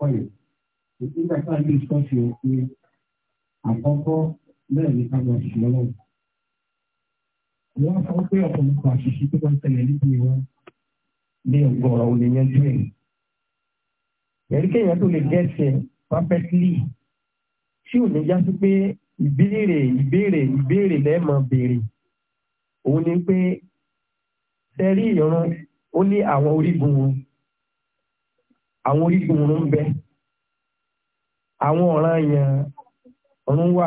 kọ́ yẹn nígbà tá a lè sọ sí o pé àkọ́kọ́ bẹ́ẹ̀ ni ká lọ sí ọlọ́run. wọ́n sọ pé ọ̀pọ̀lọpọ̀ àṣìṣe tó bá ń tẹ̀lé níbi ìwọ́n ní ọgọ́rọ̀ ò lè yanjú ẹ̀. ẹ̀rí kéèyàn tó lè gẹ́sẹ̀ perfectly tí ò ní já pé ìbéèrè ìbéèrè ìbéèrè lẹ́ẹ̀mọ béèrè òun ni pé sẹ́rí ìran ó ní àwọn orígun wọn àwọn orígun oorun ń bẹ àwọn ọ̀ràn yẹn ọ̀run wà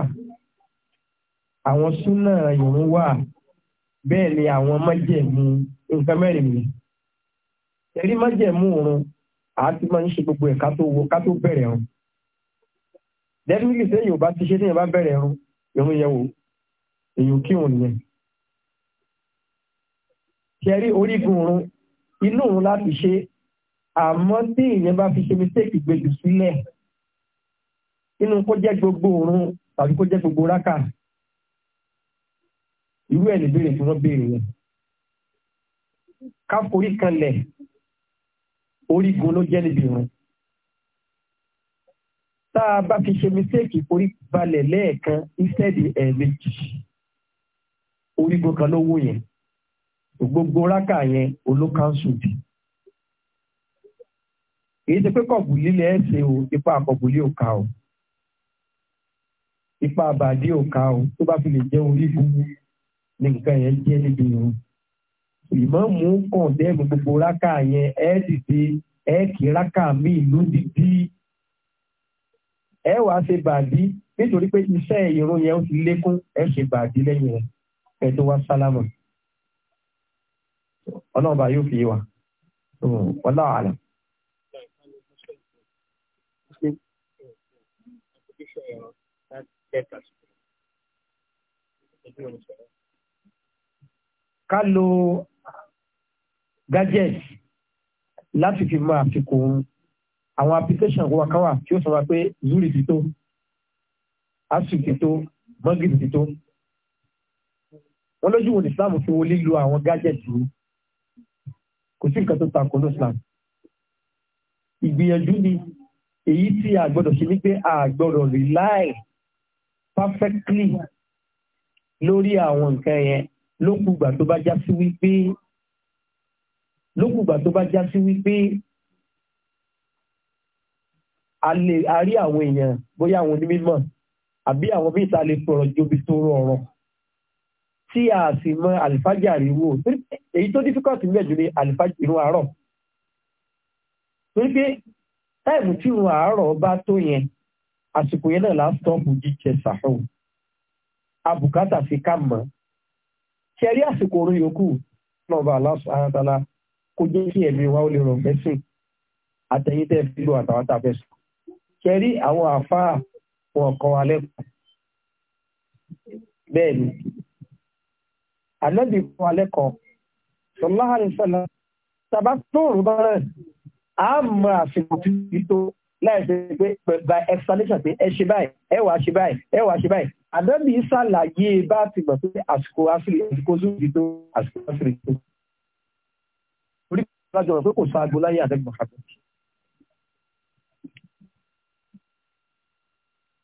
àwọn súnà ìrun wà bẹ́ẹ̀ ni àwọn májẹ̀mú nǹkan mẹ́rin mi ẹ̀rí májẹ̀mú oorun àti máa ń ṣe gbogbo ẹ̀ ká tó wo ká tó bẹ̀rẹ̀ ọ̀run dẹ́rẹ́bílì sẹ́yìn ò bá ti ṣe téèyàn bá bẹ̀rẹ̀ ẹ̀rùn ìrún yẹn wò èyàn kí òun nìyẹn. ṣe orígun òrun inú òun láti ṣe àmọ́ tí ìyẹn bá fi ṣe mistake gbèjù sílẹ̀ nínú kó jẹ́ gbogbo òórùn tàbí kó jẹ́ gbogbo rákà irú ẹ̀ níbèrè tí wọ́n béèrè yẹn ká forí kanlẹ̀ orígun ló jẹ́ níbi ìrun tá a bá fi ṣe mistake forí balẹ̀ lẹ́ẹ̀kan instead ẹ̀ẹ̀mejì orígun kan ló wó yẹn gbogbo rákà yẹn olókànsù bíi èyí ti pé kọ̀bùlí lẹ́ ṣe o ipa àkọ̀bùlí ò ká o ipa àbàdí ò ká o tó bá fi lè jẹ́ orí gbogbo ní nǹkan yẹn jẹ́ níbi ìrun ìmáàmù kàn dẹ́mu gbogbo rákà yẹn ẹ́ dìde ẹ́ kí rákà míì ló dìdí ẹ wàá ṣe bàdí nítorí pé iṣẹ́ ìrun yẹn ó ti lékún ẹ ṣe bàdí lẹ́yìn rẹ̀ ẹ tó wá sálámà ọlọ́run bá yóò fi wà ọlọ́run àlọ́. sọ̀rọ̀ láti lẹ́ka sọ̀rọ̀ ojú ká lo gadget láti fi máa àfikún àwọn application wa káwà tí ó sọ wá pé zuri ti tó asu ti tó mọ́gìrì ti tó wọ́n lójú òní Islam fi wọlé lo àwọn gadget yìí kò sí nǹkan tó ta kò ní Islam ìgbìyànjú ni èyí tí a gbọ́dọ̀ ṣe ní pé a gbọ́dọ̀ rely perfectly lórí àwọn nǹkan yẹn lókùgbà tó bá já sí wípé lókùgbà tó bá já sí wípé a lè a rí àwọn èèyàn bóyá àwọn onímọ̀ àbí àwọn bí ìta lè fọ̀rọ̀ jobi tó rọrùn tí a sì mọ àlìfájà rí èyí tó difficult níbẹ̀ jù ní àlìfájà ìrún àárọ̀ torí pé táìmù tí òun àárọ̀ bá tó yẹn àsìkò yẹn náà lástọ́ọ̀pù jíjẹ sàhùn abùkátà sí ká mọ̀ ṣẹ̀rí àsìkò orí yòókù náà bá aláṣọ àyàtàlá kó jẹ́ kí ẹ̀mí wa ó lè rọ̀ mẹ́sìn àtẹ̀yìn tẹ́ fi lò àtàwọn tá a sọ ṣẹ̀rí àwọn àfáà tàbá tóòrùn bá a mọ àsìkò tí tó láìsí pé by explanation pé ẹ ṣe báyìí ẹ wàá ṣe báyìí ẹ wàá ṣe báyìí àdọ́bí ṣàlàyé bá ti gbọ̀ pé àsìkò àṣírí àsìkò zúùdì tó àsìkò àṣírí tó. orí kò lájọ rẹ̀ pé kò sọ agbo láyé àdẹ́gbọ̀n kàbọ̀.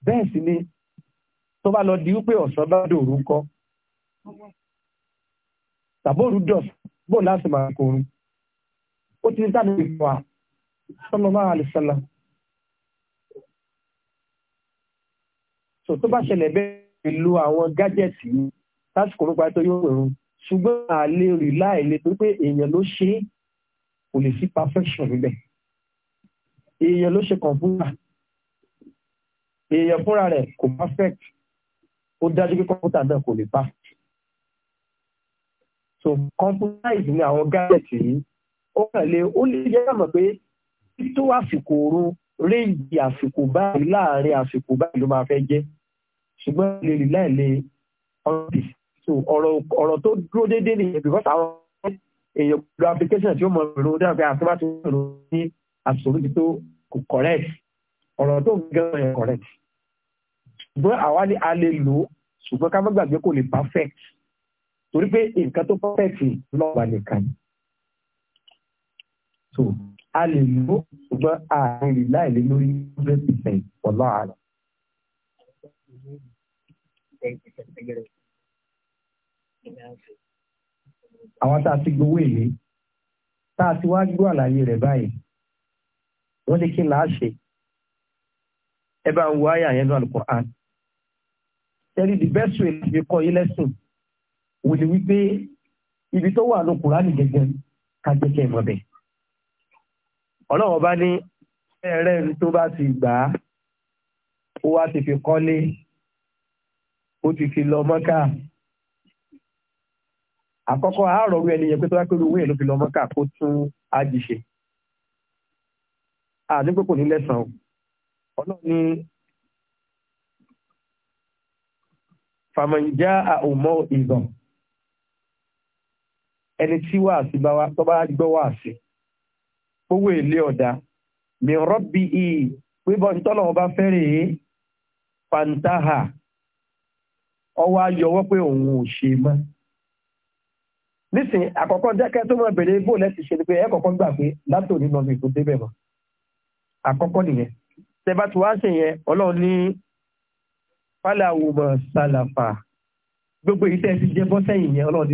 bẹ́ẹ̀ sì ni tó bá lọ di wípé ọ̀sán bá dòru ń kọ́ tàbóòrú dọ̀sán bóun láti máa korun ó ti ní sáà ìfọ̀ àwọn sallallahu alaihi wasallam so tó bá ṣẹlẹ̀ bẹ́ẹ̀ lo àwọn gájẹ̀tì lásìkò nípa tó yóò rọrùn ṣùgbọ́n a lè rí láìlè tó pé èèyàn ló ṣe kò lè sí perfection níbẹ̀ èèyàn ló ṣe kọ̀ǹpútà èèyàn fúnra rẹ̀ kò perfect ó dájú pé kọ̀ǹpútà náà kò lè perfect so computerize ni àwọn gájẹ̀tì yìí ó kàn lè ó lè jẹ́ àmọ̀ pé tó àsìkò oró réèjì àsìkò báyìí láàrin àsìkò báyìí ló máa fẹ́ jẹ́ ṣùgbọ́n lè rí láìlè ọ̀rọ̀ tó dúró déédéé nìyẹn because àwọn èèyàn gbogbo application tí ó mọ ìrò dáa pé àti bá ti rò ní àsìkò ti tó kò correct ọ̀rọ̀ tó ń gẹ́gẹ́ yẹn correct ṣùgbọ́n àwa ni a lè lò ó ṣùgbọ́n ká má gbàgbé kò lè perfect torí pé nǹkan tó perfect lọ́ọ̀bà nìkan a lè lò ṣùgbọ́n ààrin rí láìlé lórí hundred percent ọ̀la àlọ́. àwọn tá a ti gbowó èlé tá a ti wá gbọ́ àlàyé rẹ̀ báyìí wọ́n ní kí n là ṣe ẹ bá ń wo àyà yẹn ní Al-Qur'an tẹ́lí the best way láti fi kọ́ yín lẹ́sìn wò ni wípé ibi tó wà ní Kùránì gẹ́gẹ́ ká jẹ́ kẹ́ ẹ̀ mọ̀ bẹ́ẹ̀ ọlọ́run bá ní ẹ̀rẹ́ tó bá ti gbà á ó wá ti fi kọ́lé ó ti fi lọ mọ́kà àkọ́kọ́ àárọ̀ wí ẹni yẹn pé tó bá pẹ́rú wí ẹ̀ ló fi lọ mọ́kà kó tún ájì àdúgbò kò ní lẹ́sàn-án ọlọ́run ní fàmọ̀njá àòmọ́ ìgbọ̀n ẹni tí wàásì bá wá tó bá gbọ́ wàásì. owó èlé ọ̀dá mi i pé bọ́ ọba bá fẹ́rẹ̀ é pantaha ọwọ́ pé òun ò ṣe mọ́ nísìn àkọ́kọ́ dákẹ́ tó máa bèrè bó lẹ́sìn ṣe ni pé ẹ kọ́kọ́ gbà pé látò nínú ọmọ débẹ̀ mọ́ àkọ́kọ́ nìyẹn gbogbo ti jẹ́ bọ́sẹ̀yìn yẹn ọlọ́run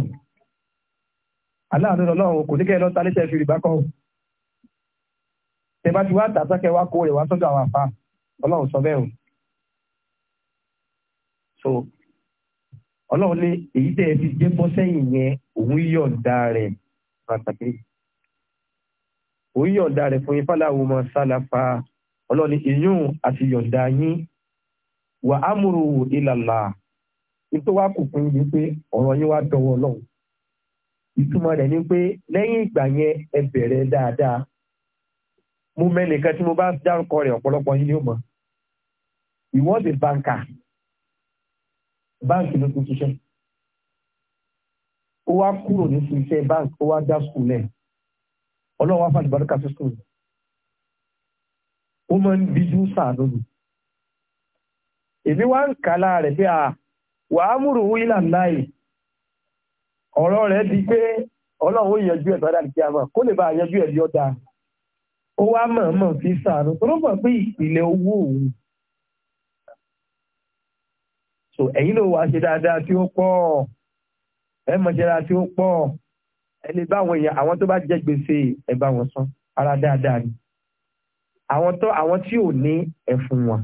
ní aláàánú lọ́lọ́run kò ní kẹ́ lọ ta létẹ̀ fi rìbá kọ́ o tẹ̀bá ti wá tàtàkẹ́ wá kó rẹ̀ wá sọ́dọ̀ àwọn àfa ọlọ́run sọ bẹ́ẹ̀ o so ọlọ́run ní èyí tẹ́ ẹ fi dé bọ́ sẹ́yìn yẹn òun yọ̀ǹda rẹ̀ pàtàkì òun yọ̀ǹda rẹ̀ fún yín fáláwo mọ sálàfà ọlọ́run ní ìyún àti yọ̀ǹda yín wà á múru ìlàlà nítorí kò fún yín pé ọ̀rọ̀ yín wá dọwọ́ ọlọ́run ìtumọ̀ rẹ̀ ni pé lẹ́yìn ìgbà yẹn ẹ bẹ̀rẹ̀ dáadáa mo mẹ́nìkan tí mo bá dárúkọ rẹ̀ ọ̀pọ̀lọpọ̀ yín ni ó mọ̀ he was a banker báǹkì ló ti ṣiṣẹ́ ó wá kúrò ní ṣiṣẹ́ báǹkì ó wá dá skul náà ọlọ́run wá fàdí bàdúkà sí skul ó máa ń bíjú sàánú mi èmi wá ń kà lára rẹ̀ pé à wàá múrùú ìlànà láì ọ̀rọ̀ rẹ̀ di pé ọlọ́run ó yanjú ẹ̀ sọ́dá kí a mọ̀ kó lè bá yanjú ẹ̀ bí ọ̀dà ó wá mọ̀ọ́mọ̀ fi sàánú tó ló mọ̀ pé ìpìlẹ̀ owó òun so ẹ̀yin ló wá ṣe dáadáa tí ó pọ̀ ẹ mọ̀ ṣe dáadáa tí ó pọ̀ ẹ lè bá àwọn èèyàn àwọn tó bá jẹ gbèsè ẹ bá wọn san ara dáadáa ni àwọn tó àwọn tí ò ní ẹ̀fún wọn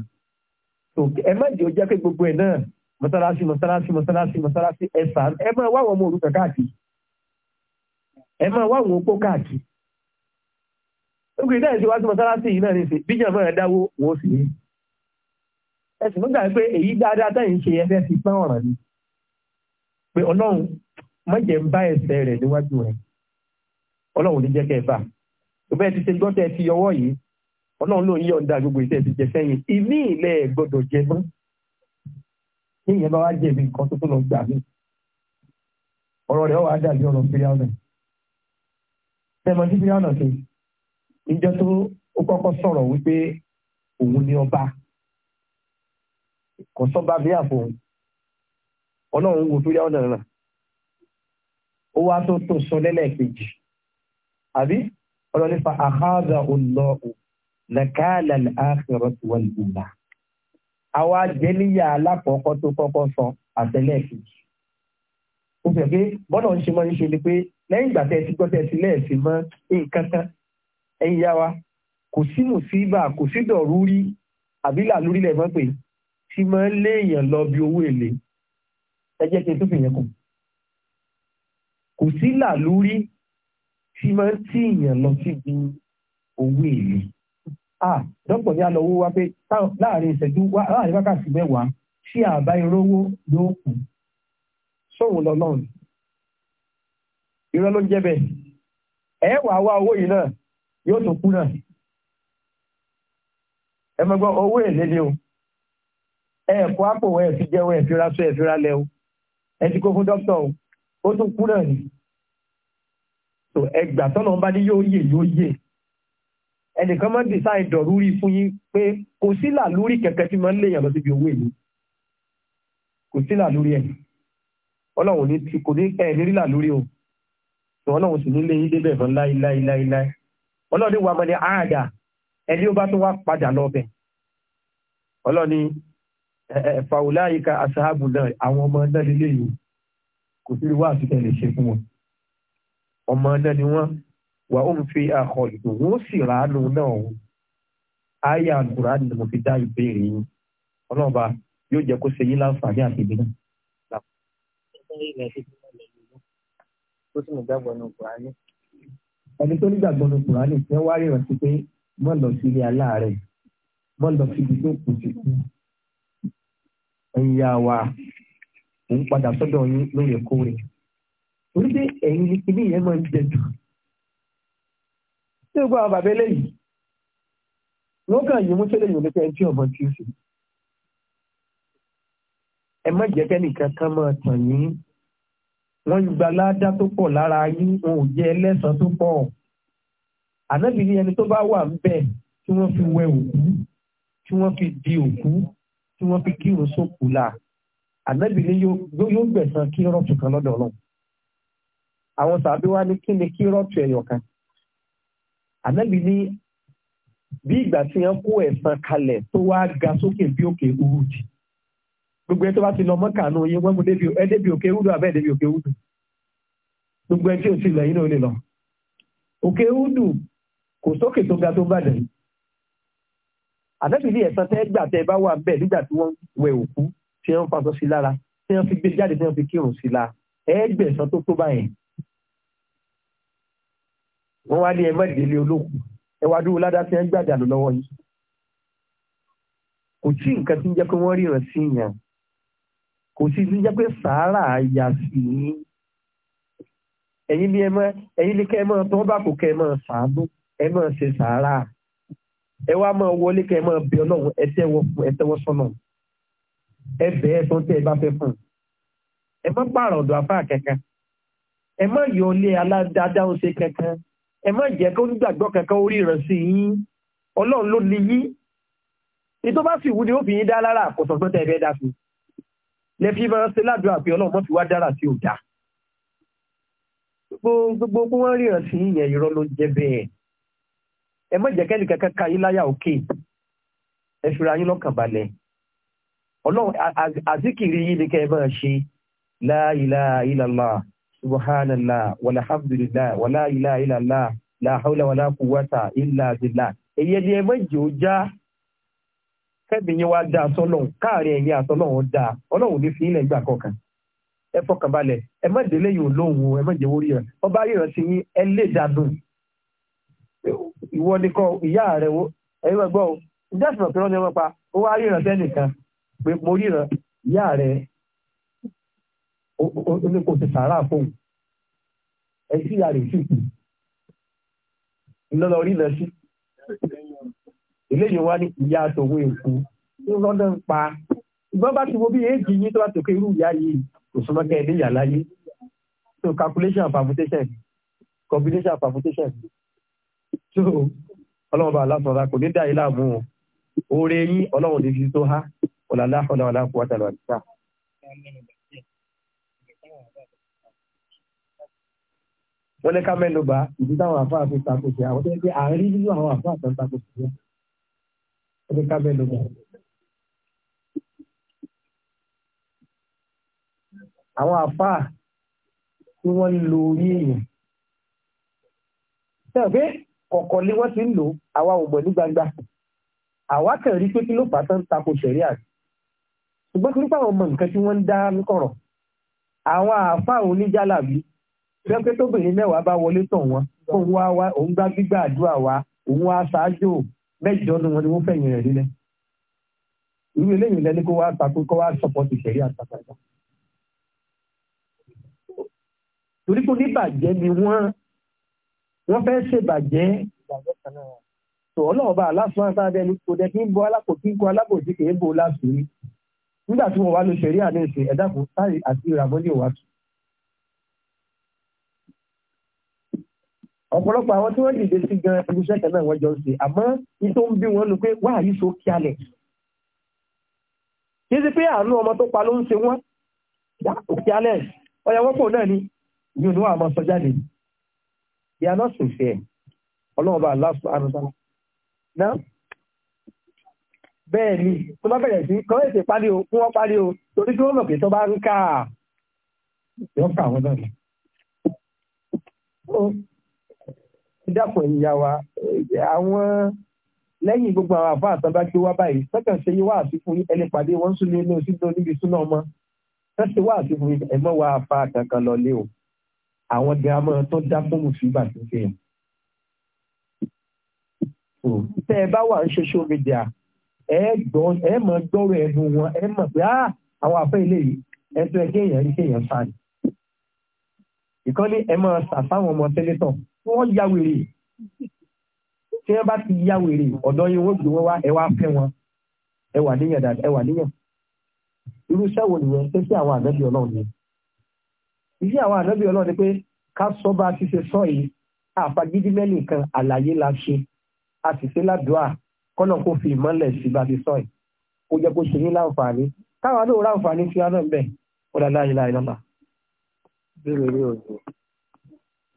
so ẹ má jẹ́ ó pé gbogbo ẹ̀ náà mọ́sálásí mọ́sálásí mọ́sálásí mọ́sálásí ẹ̀sà ẹ máa wá àwọn ọmọ òrùka káàkiri ẹ máa wá àwọn opó káàkiri nígbà tí wá sí mọ́sálásí yìí náà ní ṣe bíjà máa dáwó wọ́n sì ní ẹ̀sìn nígbà pé èyí dáadáa táyì ń ṣe ẹfẹ́ fi pán ọ̀ràn ni pé ọlọ́run mọ̀jẹ̀ ń bá ẹ̀ṣẹ̀ rẹ̀ níwájú rẹ̀ ọlọ́run ní jẹ́ kẹfà ìbẹ́ ti ṣe gbọ́tẹ̀ ti ọwọ́ yìí ọlọ́run ló ń yọ̀ǹda gbogbo ìṣẹ́ ti jẹ sẹ́yìn ìní ilẹ̀ gbọ́dọ̀ jẹ mọ́ tí ìyẹn bá wá jẹ̀bi nǹkan tó tó lọ gbà mí ọ̀rọ̀ rẹ̀ wà dàbí ọ̀rọ̀ fíríàwọ̀nà tẹmọtí fíríàwọ̀nà ṣe ìjọ tó ó kọ́kọ́ sọ̀rọ̀ wípé òun ni ọba kò sọ́ba bí àpò ọlọ́run wo fíríàwọ̀nà náà ó wá tó tó sọ lẹ́lẹ́kejì àbí ọlọ́nípa àkáàdà òǹlọ́ọ̀ nàkàlà àkẹrọ̀ tiwọn ìgbà àwa jẹ́níyà alákọ̀ọ́kọ́ tó kọ́kọ́ sọ àtẹlẹ́ẹ̀kejì. ó fẹ́ pé bọ́nà ń ṣe mọ́ ní ṣe ni pé lẹ́yìn ìgbà tẹ́ ti gbọ́tẹ́ sí lẹ́ẹ̀sì mọ́ nǹkan tán ẹ̀yìn yá wa kò sí mùsíbà kò sí dọ̀rúrí àbí làlúrí lẹ̀ mọ́ pé tí máa léèyàn lọ bí owó èlé ẹ jẹ́ kí n tó fi yẹn kù. kò sí làlúrí tí máa ń tíyàn lọ síbi owó èlé ah dọ́pọ̀ ní alọ́wọ́ wa pé láàrin ìṣẹ́jú láàrin wákàtí mẹ́wàá tí àbá irówó yóò kù sóhun lọ́lọ́run irọ́ ló ń jẹ́ bẹ́ẹ̀ ẹ wàá wá owó yìí náà yóò tó kú náà ẹ mọ́gbọ́ owó èlé ni o ẹ kó àpò ẹ fi jẹun ẹ fi ra sọ ẹ fi ra lẹ o ẹ ti kó fún dókítà o ó tún kú náà ni ẹ gbà tọ́nà ń bá ní yóò yè yóò yè ẹnìkan máa ń design dọ̀rúrí fún yín pé kò sí làlúrí kẹ̀kẹ́ tí máa ń léèyàn lọ síbi owó èlé kò sí làlúrí ẹ̀ ọlọ́run ní kò ní ẹ̀ lérí làlúrí o ọlọ́run sì ní léyìn débẹ̀ fún láíláíláíláí ọlọ́run ní wàá mọ̀ ní àádà ẹni ó bá tún wá padà lọ́bẹ̀ ọlọ́run ní fàwùláyíká asáàbù náà àwọn ọmọ náà lélẹ́yìn kò sí wá àtúntẹ̀ lè ṣe fún wọn ọmọ náà ni wọ́n wà ó ń fi àkọ ìdòwò sì ràánú náà o àyà àgùrá ni mo fi dá ìbéèrè yín ọlọ́ọ̀ba yóò jẹ́ kó ṣe yín láǹfààní àti ìbí náà. ẹni tó nígbàgbọ́ ní kùránì tí wọ́n wá rí ìrántí pé mọ́ lọ sí ilé aláàárẹ̀ mọ́ lọ sí ibi tó kù sí kú. ẹ̀yin wa òun padà sọ́dọ̀ yín lóòrèkóòrè. torí pé ẹ̀yin ni kinní yẹn máa ń jẹ jù tí gbogbo àwọn bàbá eléyìí lókàn yìí mú tẹ́lẹ̀ yòó lẹ́tẹ̀ ẹni tí ọ̀bọ̀n ti sí. ẹ má jẹ́ kẹ́nìkan kan máa tàn yín wọ́n ń gba ládá tó pọ̀ lára yín wọn ò jẹ́ ẹlẹ́sàn tó pọ̀ ànábì ní ẹni tó bá wà ń tí wọ́n fi wẹ òkú tí wọ́n fi di òkú tí wọ́n fi kírun sókù là ànábì ní yóò gbẹ̀san kírọ̀tù kan lọ́dọ̀ ọlọ́run àwọn sàbí wa ní kí ni kírọ̀tù ẹ̀yọ̀ kan ànábì ní bí ìgbà tí wọ́n kó ẹ̀sán kalẹ̀ tó wá ga sókè bí òkè urudi gbogbo ẹ tó bá ti lọ mọ́kànú yín wọ́n mú débi òkè urudi àbẹ́ẹ̀ débi òkè urudi gbogbo ẹ tí ò ti lọ yín náà lè lọ òkè urudi kò sókè tó ga tó bàdàn ànábì ní ẹ̀sán tẹ́ gbà tẹ́ bá wà bẹ́ẹ̀ nígbà tí wọ́n wẹ òkú tí wọ́n faṣọ sí lára tí wọ́n fi gbé jáde tí wọ́n fi kírun sí la ẹ̀ẹ́gbẹ̀sán tó tó báyẹn wọ́n wá ní ẹmọ́ ìdílé olókùn ẹwà wá ládá sí ẹgbàdà lọ́wọ́ yìí kò tí ń jẹ́ pé wọ́n ríran sí yàn kò sí tí ń jẹ́ pé sàárà yà sí yín ẹ̀yin ní ẹmọ́ ẹ̀yin ní tó bá kò kẹ́ẹ̀mọ́ sàánú ẹmọ́ ṣe sàárà ẹ wá máa wọlé kẹ́ẹ̀mọ́ bẹ ọlọ́run ẹtẹ́wọ́ sọ́nà ẹ bẹ́ẹ̀ tó tẹ́ ẹ bá fẹ́ fún ẹ pààrọ̀ ọ̀dọ̀ kankan ẹ yọ aládáadáa ẹ má jẹ́ kó nígbàgbọ́ kankan orí rẹ̀ sí yín ọlọ́run ló ní yí ìtò bá sì wú ni ó fi yín dá lára kò sọ pé tẹ́ ẹ fẹ́ dá sí lẹ fi máa ṣe ládùúgbà pé ọlọ́run mọ́ fi wá dára sí ò gbogbo gbogbo wọn ríran sí yẹn irọ́ ló jẹ́ bẹ́ẹ̀ ẹ má jẹ́ kẹ́nìkan kan ka yín láyà òkè ẹ fira yín lọ́kàn balẹ̀ ọlọ́run àzíkìrì yín ni kẹ́ ẹ máa ṣe la ilaha subhanallah walhamdulillah wala ilaha illallah la hawla wala quwwata illa billah èyí ẹni ẹ méjì ó já kẹ́bi yẹn wá dá sọ́lọ́hún káàrin ẹ̀yìn àtọ́lọ́hún dá ọlọ́hún ní fi ilẹ̀ ìgbà kọ̀ọ̀kan ẹ fọkànbalẹ̀ ẹ má délé yìí ò lóhùn o ẹ má jẹ́wọ́ ríran ọba ríran sí yín ẹ lè dàdùn ìwọ nìkan ìyá wo ẹ̀yin máa gbọ́ o ìdásìmọ̀ pé wọ́n ní wọ́n pa ó wá ríran sẹ́nìkan pé mo ríran ìyá rẹ o ní kò ti sàárà fóun ẹ sí ìyá rẹ̀ síkù ńlọ́lọ́ rí lọ sí eléyìí wá ní ìyá àtọ̀wé èkó ní lọ́dọ̀ ń pa ìgbọ́n bá ti wo bí èéjì yín tó bá tòkè irú ìyá yìí kò súnmọ́ kẹ́ ẹ ní ìyá láyé so calculation and permutation combination and permutation so ọlọ́run bá aláṣọra kò ní dá yín láàmú o oore yín ọlọ́run ní fi tó há ọ̀làlá ọ̀làlá kó wá tàlọ́ àdìsá. wọ́n ní ká mẹ́nuba ìdí táwọn àfáà fi takò sí àwọn tó ń pè àárín nínú àwọn àfáà tó ń takò sí wọn wọ́n ní ká mẹ́nuba. àwọn àfáà tí wọ́n lo orí èèyàn sẹ́wọ̀n pé kọ̀ọ̀kan lé wọ́n ti ń lò àwa ò mọ̀ ní gbangba àwa kàn rí pé kí ló pàtó ń takò sẹ̀rí àti ṣùgbọ́n kí ló pàwọn ọmọ nǹkan tí wọ́n ń dá ní àwọn àfáà oníjàlábí pẹ́pẹ́ tóbìnrin mẹ́wàá bá wọlé tàn wọ́n òun wá wa, òun gbá gbígbà àdúrà wá òun wá ṣáájú mẹ́jọ ni wọn ni wọ́n fẹ̀yìn rẹ̀ lílẹ̀ irú eléyìí lẹni kó wá takò kó wá sọpọ́tì ṣẹ̀rí àtàkàtà torí pé oníbàjẹ́ ni wọ́n wọ́n fẹ́ ṣèbàjẹ́ tó ọlọ́ọ̀bá aláṣọ àtàdẹni kò dẹ́ kí ń bọ alákò kí ń kó alábòsí kì í bò láṣù nígbà tí wọ́n wá lo ṣẹ̀rí àdéhùn ẹ̀dá kò sáré àti ìràbọ́lé òwàtú ọ̀pọ̀lọpọ̀ àwọn tí wọ́n dìde sí gan irúṣẹ́ kan náà wọ́n jọ ń ṣe àmọ́ ìtò ń bí wọn nu pé wá àyí so kí alẹ̀ kí sí pé àánú ọmọ tó pa ló ń ṣe wọ́n kí alẹ̀ ọ̀yà wọ́pọ̀ náà ni ní òun àmọ́ sọ jáde they are not sincere ọlọ́run aláṣọ àrùn sáà bẹ́ẹ̀ ni tó bá bẹ̀rẹ̀ sí kọ́ èsè parí o fún wọn parí o torí kí wọ́n mọ̀ pé tó bá ń kà yọ̀ọ́ dápọ̀ ìyá wa àwọn lẹ́yìn gbogbo àwọn àbá àtàn bá gbé wá báyìí sọ́kàn ṣe yí wá àsìkún yín ẹni pàdé wọ́n sún lé inú sídó níbi súná ọmọ wọ́n ṣe wá àsìkún yín ẹ̀mọ́ wa fa kankan lọ lé o àwọn gírámọ́ tó dá fún mùsùlùmí tó ṣe yẹn. tẹ́ ẹ bá wà ń ṣoṣo media ẹ mọ̀ gbọ́rọ̀ ẹnu wọn ẹ mọ̀ pé ah, àwọn àfẹ́ ilé yìí ẹ̀sùn ẹ̀kẹ́ èèyàn rí kéèyàn sáà ìkọ́ni ẹ máa sà fáwọn ọmọ tẹ́lẹ̀tàn wọ́n ya wèrè tí wọ́n bá ti ya wèrè ọ̀dọ́ yín wọ́n gbé wọn wá ẹ wá fẹ́ wọn ẹ wà níyàn dáadáa ẹ wà níyàn irúṣẹ́ wo nìyẹn ṣé sí àwọn ànábì ọlọ́run ni iṣẹ́ àwọn ànábì ọlọ́run ni pé ká sọ bá a ti ṣe sọ yìí àfagídí mẹ́lì kan àlàyé la ṣe a sì ṣe ládùúà kọ́nà kó fi ìmọ́lẹ̀ sí bá a ti sọ yìí kó jẹ́ kó ṣe ní láǹfààní káwọn náà ráǹfààní sí aná ń bẹ̀ ó dá láyé láyé lọ́la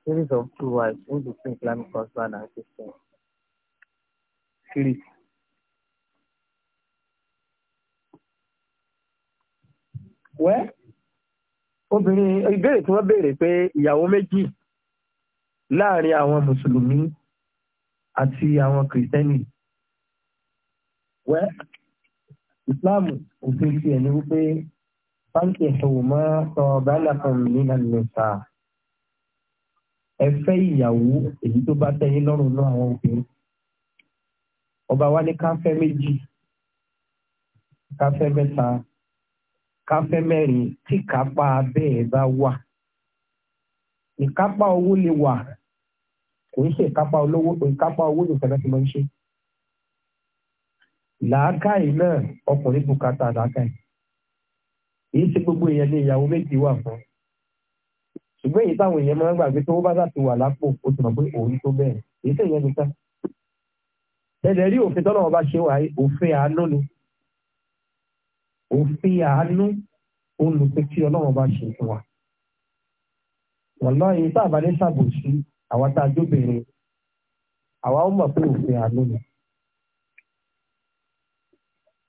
series of two wives in between Islamic husband and Christian. Three. Wẹ́ obìnrin ìbéèrè tí wọ́n béèrè pé ìyàwó méjì láàrin àwọn Mùsùlùmí àti àwọn Kìrìsìtẹ́nì. Wẹ́ Ìsìláàmù òfin ti ẹ̀ ní wípé báńkì ìṣòwò mọ́ sọ bá lápọ̀ nínú ìlú ẹ fẹ́ ìyàwó èyí tó bá tẹ́ yín lọ́rùn náà àwọn obìnrin ọba wa ní ká fẹ́ méjì ká fẹ́ mẹ́ta ká fẹ́ mẹ́rin tí kápá bẹ́ẹ̀ bá wà ìkápá owó lè wà kò ń ṣe ìkápá olówó ìkápá owó nìkan láti máa ń ṣe làákàyè náà ọkùnrin bùkátà làákàyè kì í ṣe gbogbo èèyàn ní ìyàwó méjì wà fún un ṣùgbọ́n èyí táwọn èèyàn máa ń gbàgbé tó bá láti wà lápò ó ti mọ̀ pé òun tó bẹ́ẹ̀ èyí tẹ̀ yẹn nìkan. ẹ̀dẹ̀ rí òfin tọ́lọ́wọ́ bá ṣe wáyé òfin àánú ni òfin àánú olùpẹ́ tí ọlọ́run bá ṣe fún wa. wàláyé tá a bá ní ṣàbòsí àwa tá a jóbìnrin àwa ó mọ̀ pé òfin àánú ni.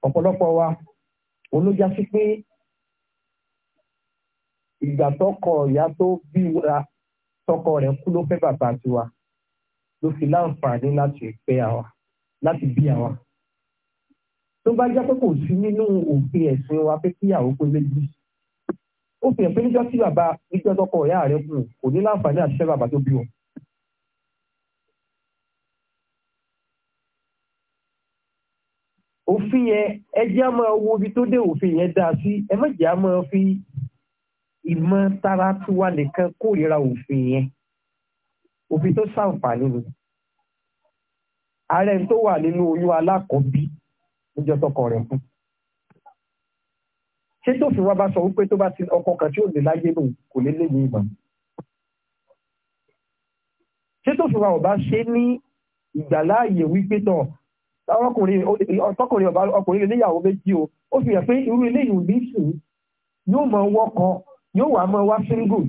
ọ̀pọ̀lọpọ̀ wa olójásí pé ìgbà tọkọ ìyá tó bí wa tọkọ rẹ̀ kú ló fẹ́ bàbá tiwa ló fi láǹfààní láti fẹ́ àwa láti bí àwa tó bá jẹ́ pé kò sí nínú òfin ẹ̀sìn wa pé kíyàwó pé méjì ó fi hàn pé níjọ́ tí bàbá níjọ́ tọkọ ìyá rẹ̀ kú kò ní láǹfààní àti fẹ́ bàbá tó bí wọn. òfin yẹn ẹ jẹ́ á máa wo ibi tó dé òfin yẹn dáa sí ẹ má jẹ́ á máa ìmọ̀ tara tí wà nìkan kórìíra òfin yẹn òfin tó ṣàǹfààní ni ààrẹ tó wà nínú oyún alákọ̀ọ́bí níjọ́ tọkọ rẹ̀ kú ṣé tó fi wá bá sọ wípé tó bá ti ọkọ kan tí ò lè láyé nù kò lè lè ní ìmọ̀ ṣé tó fi wá ọba ṣe ní ìgbàláàyè wípé tọ̀ ọkùnrin ọba ọkùnrin lè níyàwó méjì o ó fi hàn pé irú eléyìí ò ní sùn yóò máa wọ́kọ̀ọ́ yóò wá mọ́ wá single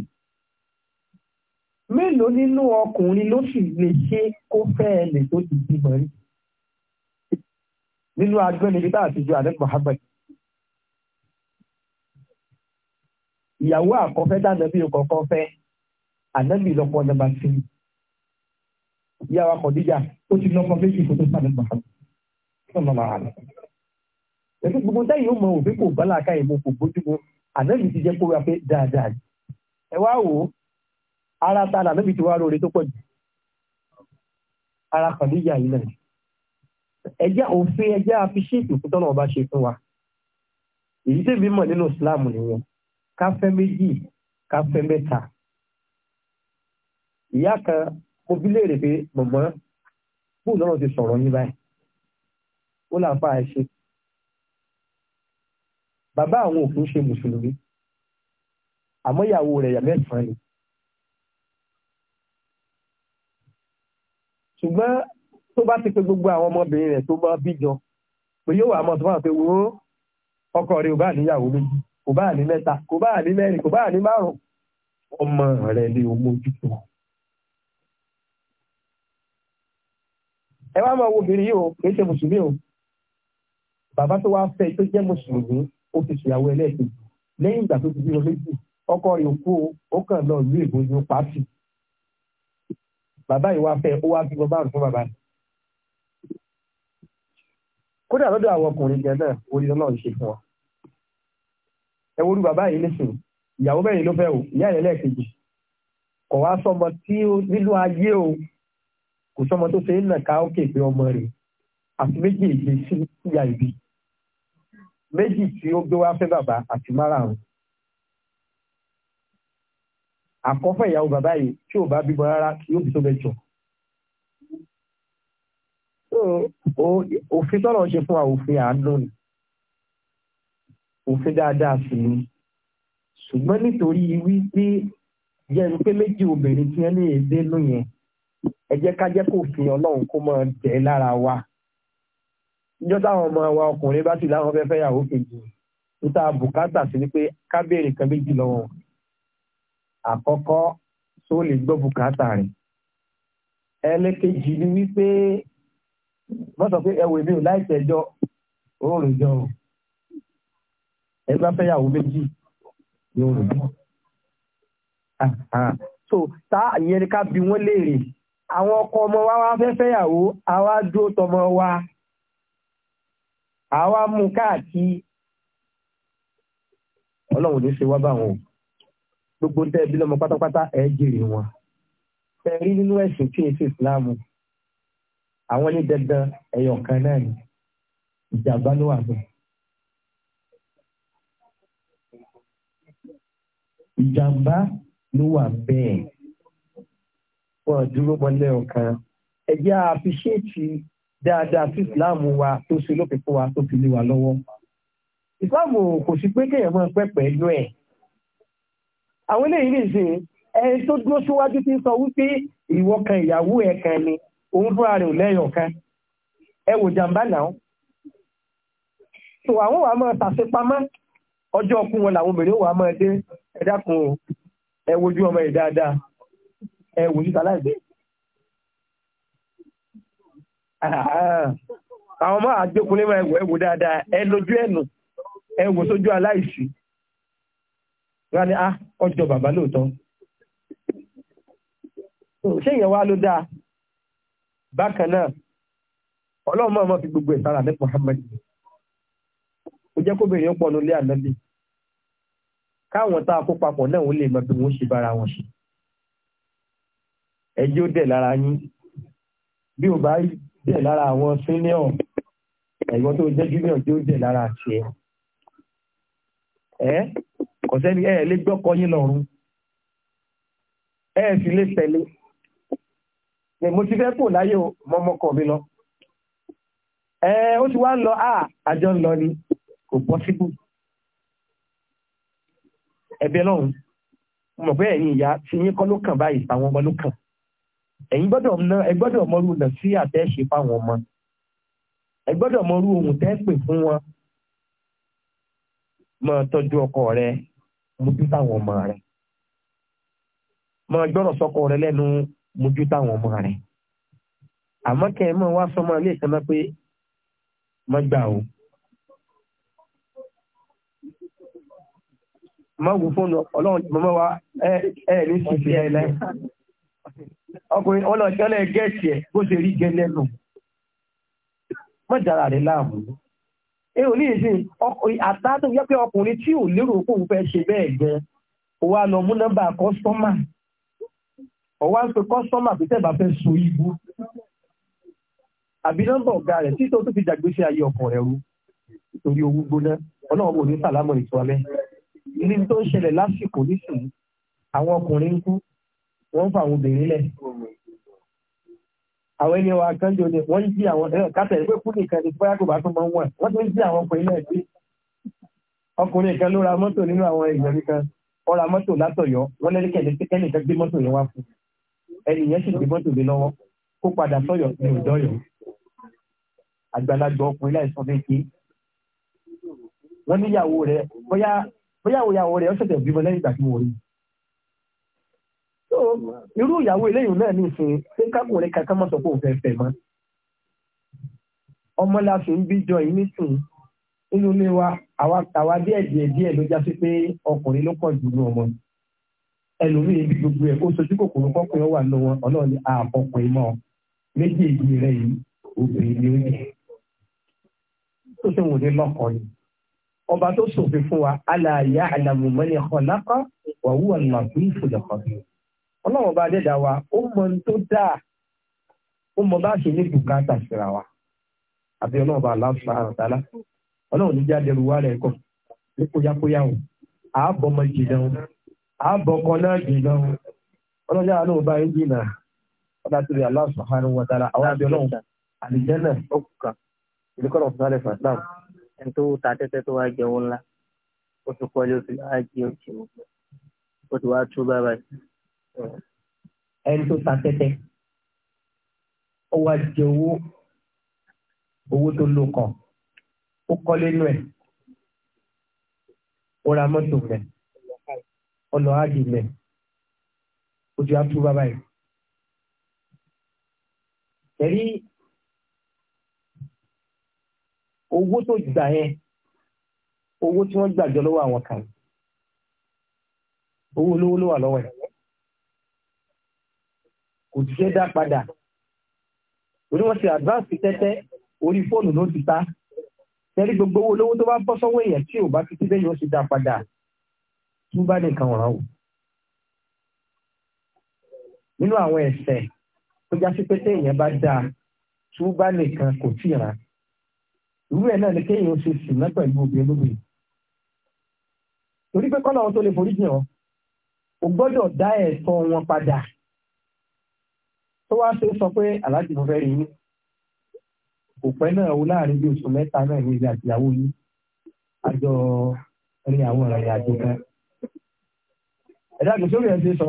mélòó nínú ọkùnrin ló sì lè ṣe kó fẹ́ ẹ lè tó ti bímọ rí nínú agbẹ́nibí bá àtijọ́ àdẹ́gbọ̀n Muhammad ìyàwó àkọ́fẹ́ dànàbí ọkọ̀ọ̀kan fẹ́ ànábì lọ́pọ̀ nọmba tí ìyàwó akọ̀díjà ó ti lọ́pọ̀ méjì kó tó sáré gbà fún ọmọ màá rẹ̀. ẹ̀sìn gbogbo dẹ́yìn ó mọ òfin kò bá làákà ìmọ̀ kò bójú mu ànábì ti jẹ́ kó wá pé dáadáa ni ẹ wá wò ó ara ta là ànábì ti wá lóore tó pọ̀ jù ara kan níyà yìí náà ẹjẹ́ òfin ẹjẹ́ àfiṣẹ́ẹ̀tì òkútọ́ náà bá ṣe fún wa èyí tèmi mọ̀ nínú Islam nìyẹn ká fẹ́ méjì ká fẹ́ mẹ́ta ìyá kan mo bí léèrè pé mọ̀mọ́ bóun náà ti sọ̀rọ̀ yín báyìí ó làǹfà ṣe bàbá àwọn òkú ṣe mùsùlùmí àmọ́ ìyàwó rẹ̀ yà mẹ́sàn-án ni ṣùgbọ́n tó bá ti pe gbogbo àwọn ọmọbìnrin rẹ̀ tó bá bíjọ pé yóò wà mọ́ tó máa pe wo ọkọ rẹ̀ ò bá níyàwó méjì kò bá ní mẹ́ta kò bá ní mẹ́rin kò bá ní márùn ọmọ rẹ̀ ni ò mójútó ẹ wá máa wo obìnrin yìí o kì í ṣe mùsùlùmí o bàbá tó wá fẹ́ tó jẹ́ mùsùlùmí ó ti ṣèyàwó ẹlẹ́ẹ̀kejì lẹ́yìn ìgbà tó ti bí ọlẹ́jì ọkọ rẹ̀ kú ó kàn lọ ìlú èbó ní pàṣẹ bàbá yìí wá fẹ́ ó wá bímọ márùn fún bàbá yìí kódà lọ́dọ̀ àwọn ọkùnrin gan náà orí náà ń ṣe fún wa ẹ wo irú bàbá yìí nísìnyí ìyàwó mẹ́rin ló fẹ́ o ìyá yẹn lẹ́ẹ̀kejì kò wá sọmọ tí nínú ayé o kò sọmọ tó ṣe é nàka ókè pé ọmọ rẹ̀ àti méjì ìgbésí ìyá ìbí méjì tí ó gbé wá fẹ́ bàbá àti márààrún àkọ́fẹ́ ìyàwó bàbá yìí tí ò bá bímọ rárá yóò bí tó bẹ jọ òfin tọ́lọ̀ ṣe fún wa òfin àánú ni òfin dáadáa sì ni ṣùgbọ́n nítorí wípé jẹ́ ní pé méjì obìnrin tí wọ́n ní èdè nù yẹn ẹ jẹ́ ká jẹ́ kó ọlọ́run kó máa jẹ́ lára wa níjọ́ táwọn ọmọ wa ọkùnrin bá sì láwọn fẹ́ fẹ́ yàwó kejì ń ta bùkátà sí ni pé kábèrè kan méjì lọ́wọ́ àkọ́kọ́ tó lè gbọ́ bùkátà rẹ̀ ẹlẹ́kejì ni wípé wọ́n sọ pé ẹwẹ́ mi ò láìsẹ̀ ẹjọ́ òórùn jọ o ẹ bá fẹ́ yàwó méjì ní jọ. so tá ìyẹn ni ká bi wọ́n léèrè àwọn ọkọ ọmọ wa wá fẹ́ fẹ́ yàwó àwa dúró tọmọ wa àwa mú káàkiri ọlọ́run ní ṣe wá báwọn o gbogbo tẹ́ ẹbí lọ́mọ pátápátá ẹ̀ jèrè wọn tẹ́ rí nínú ẹ̀sìn tí èsì ìsìláàmù àwọn ní dandan ẹ̀yọ̀ kan náà ni ìjàmbá ló wà bẹ́ẹ̀. ìjàmbá ló wà bẹ́ẹ̀ wọ́n dúró mọ́lẹ́ ọ̀kan ẹ̀jẹ̀ àfiṣẹ́ẹ̀tì dáadáa sí ìsìláàmù wa tó ṣe lópin wa tó fi lé wa lọ́wọ́ ìsìláàmù kò sí pé kéèyàn máa pẹ́ pẹ̀lú ẹ̀ àwọn eléyìí lè ṣe ẹni tó dúró síwájú ti sọ wípé ìwọ kan ìyàwó ẹ̀ kan ni òun fúnra rẹ̀ ò lẹ́yọ̀ kan ẹ wò jàǹbá náà tó àwọn wàá máa tàṣepamọ́ ọjọ́ ọkùn wọn làwọn obìnrin wàá máa dé ẹ dákun ẹ wojú ọmọ ẹ dáadáa ẹ wò sí sáláìdé àwọn ọmọ àjọkùnlé máa ẹwù ẹwù dáadáa ẹ lójú ẹnu ẹwù sójú aláìsí wọn ni ah ọjọ́ bàbá lóòótọ́ ṣé ìyẹn wá ló dáa bákan náà ọlọ́run máa fi gbogbo ìsára ní Muhammad ó jẹ́ kóbìnrin ó pọ̀ nílé ànábì káwọn tá a kó papọ̀ náà ó lè mọ bí wọ́n ṣe bára wọn ṣe ẹjẹ́ ó dẹ̀ lára yín bí ò bá jẹ́ lára àwọn senior ẹ̀gbọ́n tó jẹ́ junior tí ó jẹ́ lára àti ẹ̀ ẹ́ kọ̀sẹ́ni ẹ̀ lè gbọ́kọ yín lọ́rùn ẹ̀ sì lè tẹ̀lé ni mo ti fẹ́ kò láyé o mọ́mọ́kọ̀ mi lọ ẹ ó ti wá ń lọ à àjọ ń lọ ni kò pọ́síbù ẹ̀bẹ̀ lọ́run mọ̀ pé ẹ̀yin ìyá ti yín kọ́ ló kàn báyìí àwọn ọmọ ló kàn ẹ̀yin gbọ́dọ̀ ná ẹ gbọ́dọ̀ mọ́rú nà sí àtẹ́ṣe fáwọn ọmọ ẹ gbọ́dọ̀ mọ́rú ohun tẹ́ pè fún wọn mọ tọ́jú ọkọ rẹ mojú táwọn ọmọ rẹ mọ gbọ́dọ̀ sọkọ rẹ lẹ́nu mojú táwọn ọmọ rẹ àmọ́ kẹ́ ẹ mọ̀ wá sọmọ ilé ìkànnà pé mọ gbà o mọ wù fóònù ọlọ́run mọ́mọ́ wa ẹ ẹ ní sísè ẹ lẹ́yìn ọkùnrin ọlọ́ọ̀tẹ́lẹ̀ gẹ̀ẹ́sì ẹ̀ bó ṣe rí gẹ lẹ́nu mọ́jára rẹ̀ láàmú èyí ò ní ìsìn ọkùnrin àtàdùn yẹ pé ọkùnrin tí ò lérò pé O fẹ́ ṣe bẹ́ẹ̀ gẹ ó wá lọ mú nọ́mbà kọ́sọ́mà ó wá ń pe kọ́sọ́mà tó tẹ̀ bá fẹ́ so ibú àbí nọ́mbà ọ̀gá rẹ̀ tí tó tún fi jàgbésí ayé ọkàn rẹ̀ rú torí owó gbóná ọlọ́run ò ní sàlámọ̀ ìtura mẹ́ ní tó ń ṣẹlẹ̀ lásìkò nísìnyí àwọn ọkùnrin ń kú wọ́n ń fa àwọn obìnrin lẹ̀. àwọn ẹni wa kan jò ní wọ́n jí àwọn ẹ̀rọ kátẹ̀ pé kú nìkan ni bóyá kò bá tún máa ń wọ̀ wọ́n tún jí àwọn ọkùnrin lẹ̀ pé ọkùnrin kan ló ra mọ́tò nínú àwọn ìgbẹ̀rí kan ó ra mọ́tò látọ̀yọ́ wọ́n lẹ́lẹ́kẹ̀lẹ́ kẹ́nìkan gbé mọ́tò yẹn wá fún ẹnìyẹn sì gbé mọ́tò lé lọ́wọ́ kó padà sọ́yọ̀ ní ìdọ́yọ̀ àgbàlagbà ọkùnrin láìsọ méje wọ́n níyàwó rẹ̀ bóyá bóyá ìyàwó rẹ̀ ó bímọ lẹ́yìn ìgbà tí mo rí i so irú ìyàwó eléyìí náà ní ìsìn pé kákùnrin kankan mọ̀ sọ pé òun fẹ́ fẹ́ mọ́ ọmọ la fi ń bíjọ yìí nísìn nínú ilé wa àwa díẹ̀ díẹ̀ díẹ̀ ló já sí pé ọkùnrin ló pọ̀ jù ní ọmọ ẹlòmíì ibi gbogbo ẹ̀ ó sojú kòkòrò kọkùnrin wà lọ́wọ́ ọlọ́run ní àpọ̀kùnrin mọ́ méjì èdè rẹ̀ yìí obìnrin ni ó yẹ tó sì wòlé lọ́kàn ni ọba tó ṣòfin fún wa aláàyá àlàmùmọ́ni ọ̀làkọ́ wàhùwà làbí ìfòlẹ̀kọ̀ọ́ ọlọ́run bá dẹ́dà wa ó mọ ní tó dáa ó mọ bá ṣe ní bùkátà síra wa àbí ọlọ́run bá aláṣà àtàlá ọlọ́run ní jáde kọ̀ ní kóyákóyá o àábọ̀ ọmọ o àábọ̀ ọkọ náà jìnnà o ọlọ́run yára náà bá ń aláṣà wọn àwọn àbí ọlọ́run náà kan ẹni tó ta tẹ́tẹ́ ó wá jẹ owó owó tó lò kàn ó kọ́lé nù ẹ̀ ó ra mọ́tò rẹ̀ ọ̀nà áàdì rẹ̀ ojú á tú bàbá yìí. Ẹ̀rí owó tó gbà yẹn owó tí wọ́n gbàjọ lọ́wọ́ àwọn kan owó olówó ló wà lọ́wọ́ ẹ̀ kò ti ṣe dá padà orí wọn ṣe advance tẹ́tẹ́ orí fóònù ló ti ta tẹ́lí gbogbo owó olówó tó bá bọ́ sọ́wọ́ èèyàn tí ò bá ti tíbẹ̀ yóò ṣe dá padà tún bá nìkan ọ̀ràn o nínú àwọn ẹ̀ṣẹ̀ tó já sí pé téèyàn bá dáa tún bá nìkan kò tí ì ràn irú náà ni kéèyàn ṣe sì ná pẹ̀lú obìnrin lóbìnrin torí pé kọ́nà wọn tó lè forí jìn ọ́ o gbọ́dọ̀ dá ẹ̀tọ́ wọn padà tó wá tó sọ pé aláàjì mo fẹ́ rí yín kò pẹ́ náà o láàrin bí oṣù mẹ́ta náà ní ilé àtìyàwó yín àjọ rí àwọn ìrìn àjò kan ẹ̀dá kò sórí ẹ̀ ṣe sọ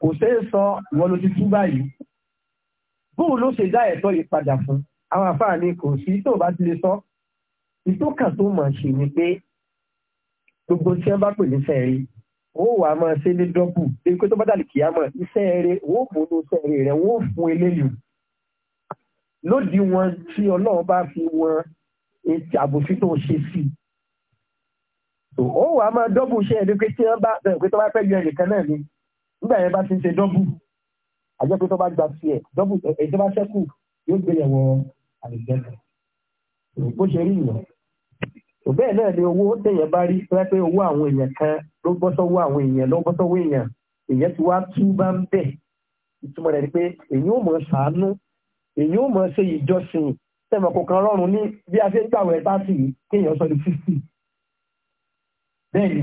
kò ṣe é sọ ìwọ ló ti tú báyìí bóun ló ṣe dá ẹ̀tọ́ yìí padà fún àwọn àfáà ni kò sí tó bá ti lè sọ ìtókàn tó mọ̀ ṣe ni pé gbogbo tí wọ́n bá pè ní fẹ́ẹ́ wọ́n wà máa ṣe ní dọ́bù ebi pé tó bá dàlí kìámọ̀ iṣẹ́ eré wọ́n mú un iṣẹ́ eré rẹ̀ wọ́n fún eléyìí lódì wọn tí ọlọ́run bá fi wọn etí àbòsí tó ṣe sí i ó wà máa dọ́bù ṣe ẹni pé tí wọ́n bá bẹ̀rẹ̀ pé tó bá fẹ́ yọ ẹnìkan náà ni nígbà yẹn bá ti ń ṣe dọ́bù àjẹ́ pé tó bá gba tiẹ̀ dọ́bù èyí tó bá ṣẹ́kù yóò gbé yẹ̀wọ̀ àlùjẹ́kù bó ṣe rí ìwọ̀n bẹ́ẹ̀ náà ni owó ló bọ́ sọ́wọ́ àwọn èèyàn ló bọ́ sọ́wọ́ èèyàn èèyàn ti wá tú bá ń bẹ̀ ìtumọ̀ rẹ̀ ni pé èyí ò mọ̀ ṣàánú èyí ò mọ̀ ṣe ìjọsìn tẹ̀mọ̀ kọ̀ọ̀kan rọrùn ní bí a ṣe ń gbàwẹ̀ tààtì kéèyàn sọ ní fífì bẹ́ẹ̀ni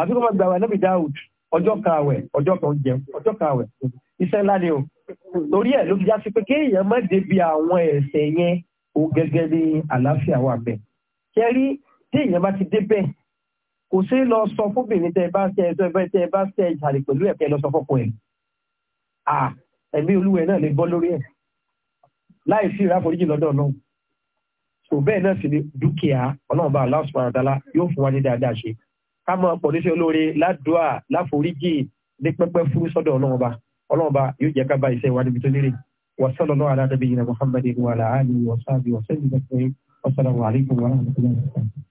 àti kó máa gbàwẹ̀ níbi dáhùd ọjọ́ kan ọjọ́ kan jẹun ọjọ́ kan iṣẹ́ ńlá ni o torí ẹ̀ ló fi já sí pé kéèyàn má débi àwọn ẹ̀ṣẹ̀ yẹn o gẹ́gẹ́ ní àlàáfíà wà bẹ́ẹ̀ kẹrí téèyàn bá ti débẹ̀ kò sí lọ sọ fóbìnrin tẹ bá tẹ ẹsọ ẹgbẹ tẹ bá tẹ ìjàlè pẹ̀lú ẹkẹ lọ sọ fọkọ ẹ à ẹ̀mí olúwẹ náà lè bọ́ lórí ẹ láì sí ìráforíjì lọ́dọ̀ náà kò bẹ́ẹ̀ náà sì ni dúkìá ọlọ́run bá aláwọ̀ sọ̀rọ̀ àdálá yóò fún wa ní dáadáa ṣe ká máa pọ̀ níṣẹ́ olóore ládùá láforíjì ní pẹ́pẹ́ fúrú sọ́dọ̀ ọlọ́run bá ọlọ́run bá yóò jẹ́ ká bá iṣẹ́ wa níbi tó lérè wasallallahu ala nabiyina muhammadin wa ala alihi wa sahbihi wa sallam wa salamu alaykum wa rahmatullahi wa